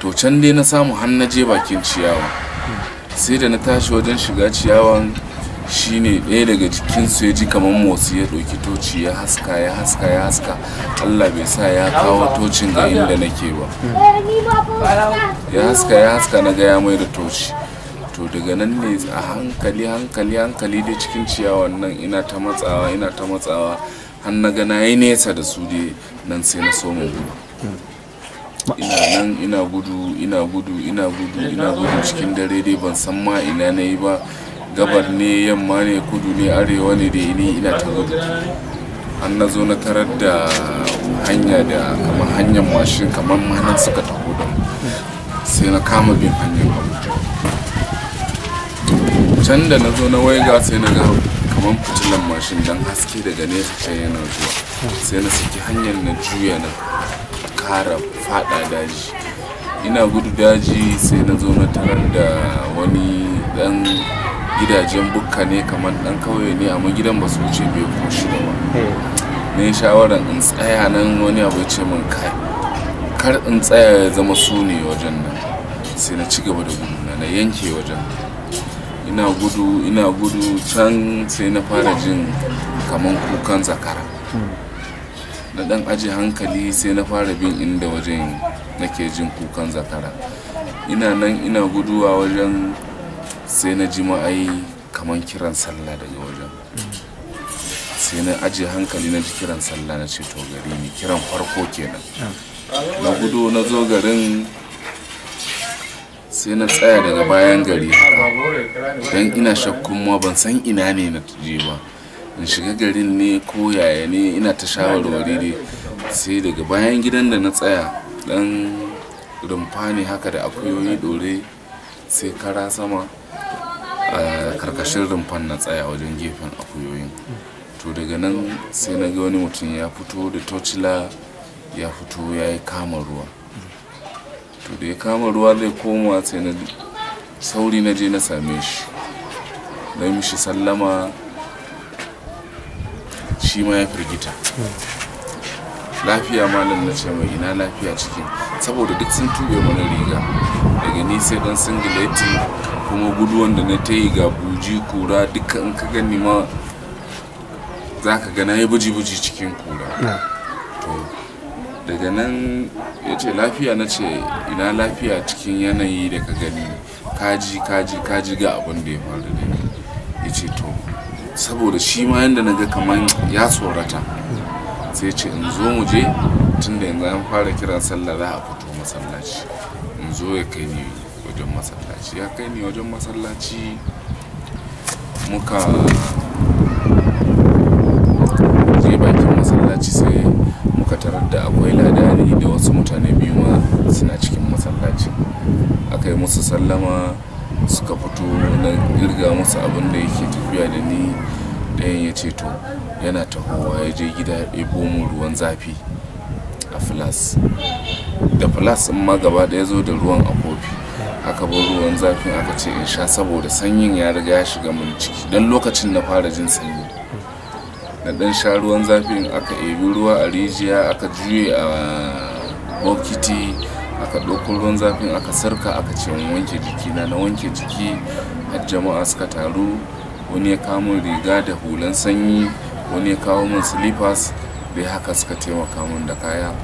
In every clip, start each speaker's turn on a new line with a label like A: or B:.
A: to can dai na samu har na je bakin ciyawa sai da na tashi wajen shiga ciyawan shine ɗaya daga cikinsu ya ji kamar motsi ya ɗauki toci ya haska ya haska ya haska allah bai sa ya kawo tocin ga inda nake ba ya haska ya haska na ga ya mai da toci to daga nan ne a hankali hankali hankali dai cikin ciyawan nan ina ta matsawa ina ta matsawa har na ga na yi nesa da su dai nan sai na so mu ina nan ina gudu ina gudu ina gudu ina gudu cikin dare dai ban san ma ina na yi ba gabar ne yamma ne kudu ne arewa ne dai ni ina ta gudu an na zo na tarar da hanya da kamar hanyar mashin kamar manan suka taho da sai na kama bin hanyar abu can da na zo na waiga sai na ga kamar fitilan mashin dan haske daga nesa can yana zuwa sai na saki hanyar na juya na kara fada daji ina gudu daji sai na zo na tarar da wani dan gidajen bukka ne kamar dan kauye ne amma gidan ba su wuce bai ko shi ba ne shawaran in tsaya nan wani abu ce min kai kar in tsaya ya zama su wajen nan sai na ci gaba da gudu na yanke wajen ina gudu ina gudu can sai na fara jin kamar kukan zakara na dan aji hankali sai na fara bin inda wajen nake jin kukan zakara ina nan ina guduwa wajen sai na ji ma'ai kamar kiran sallah daga wajen sai na aji hankali na ji kiran sallah na ce to gari ne kiran farko kenan na gudu na zo garin sai na tsaya daga bayan gari haka don ina shakkun ma ban san ina ne na je ba in shiga garin ne ko yaya ne ina ta shawarwari ne sai daga bayan gidan da na tsaya dan rumfa ne haka da akuyoyi dore sai kara sama a karkashin rumfan na tsaya wajen gefen akuyoyin to daga nan sai na ga wani mutum ya fito da tocila ya fito ya yi kama ruwa to da ya kama ruwa zai koma sai na sauri na je na same shi na mishi sallama shi ma ya firgita lafiya malam na ce mai ina lafiya cikin saboda duk sun tube mana riga daga ni sai dan singileti kuma guduwan da na ta yi ga buji kura duka in ka gani ma za ka gana ya buji-buji cikin kura to daga nan ya ce lafiya na ce ina lafiya cikin yanayi da ka gani kaji kaji kaji ga abun da ya faru da ni ya ce to saboda shi ma yadda na ga kamar ya tsorata sai ce in zo mu je tun yanzu an fara kiran sallah za a fito masallaci in zo ya kai ni wajen masallaci ya kai ni wajen masallaci muka je bakin masallaci sai muka tarar da akwai ladani da wasu mutane biyu ma suna cikin masallaci aka yi musu sallama suka fito na kirga musu abin da yake tafiya da ni ɗayan ya ce to yana tahowa ya je gida ya mu ruwan zafi a flas da flas in ma gaba ɗaya zo da ruwan a kofi aka bar ruwan zafi aka ce in sha saboda sanyin ya riga ya shiga mun ciki don lokacin na fara jin sanyi na dan sha ruwan zafin aka ebi ruwa a rijiya aka juye a bokiti aka ɗauko ruwan zafin aka sarka aka ce wanke jiki na na wanke jiki har jama'a suka taru wani ya kawo riga da hulan sanyi wani ya kawo min slippers dai haka suka taimaka min da kaya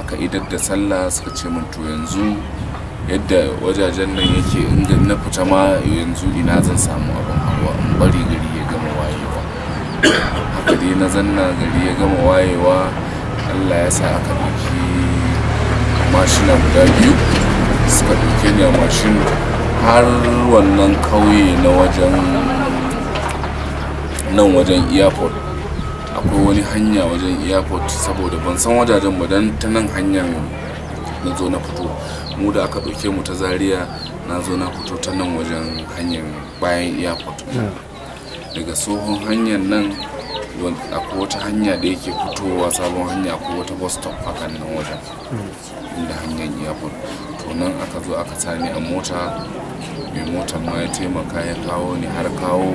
A: aka idar da sallah suka ce min to yanzu yadda wajajen nan yake inda na fita ma yanzu ina zan samu abin hawa in bari gari ya gama wayewa haka dai na zanna gari ya gama wayewa allah ya sa aka ɗauki. mashina guda biyu suka ɗauke ni a mashin har wannan kauye na wajen nan wajen airport akwai wani hanya wajen airport saboda ban san wajajen ba dan ta nan hanyar na zo na fito mu da aka ɗauke mu ta zaria na zo na fito ta nan wajen hanyar bayan airport hmm. daga tsohon hanyar nan akwai wata hanya da yake fitowa sabon hanya ko wata bus stop hakan nan wajen inda hanyar airport to nan aka zo aka sani a mota mai motar ma ya taimaka ya kawo ne har kawo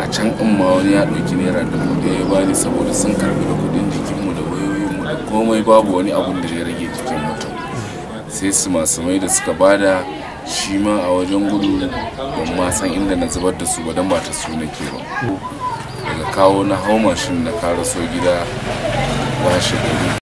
A: a can in ma wani ya ɗauki naira da ya bani saboda sun karɓi da kuɗin jikinmu da wayoyinmu da komai babu wani abun da ya rage jikin mutum sai su masu mai da suka bada shi ma a wajen gudu ban ma san inda na zubar da su ba don ba ta su nake ba kawo na hau mashin da ka raso gida washe gari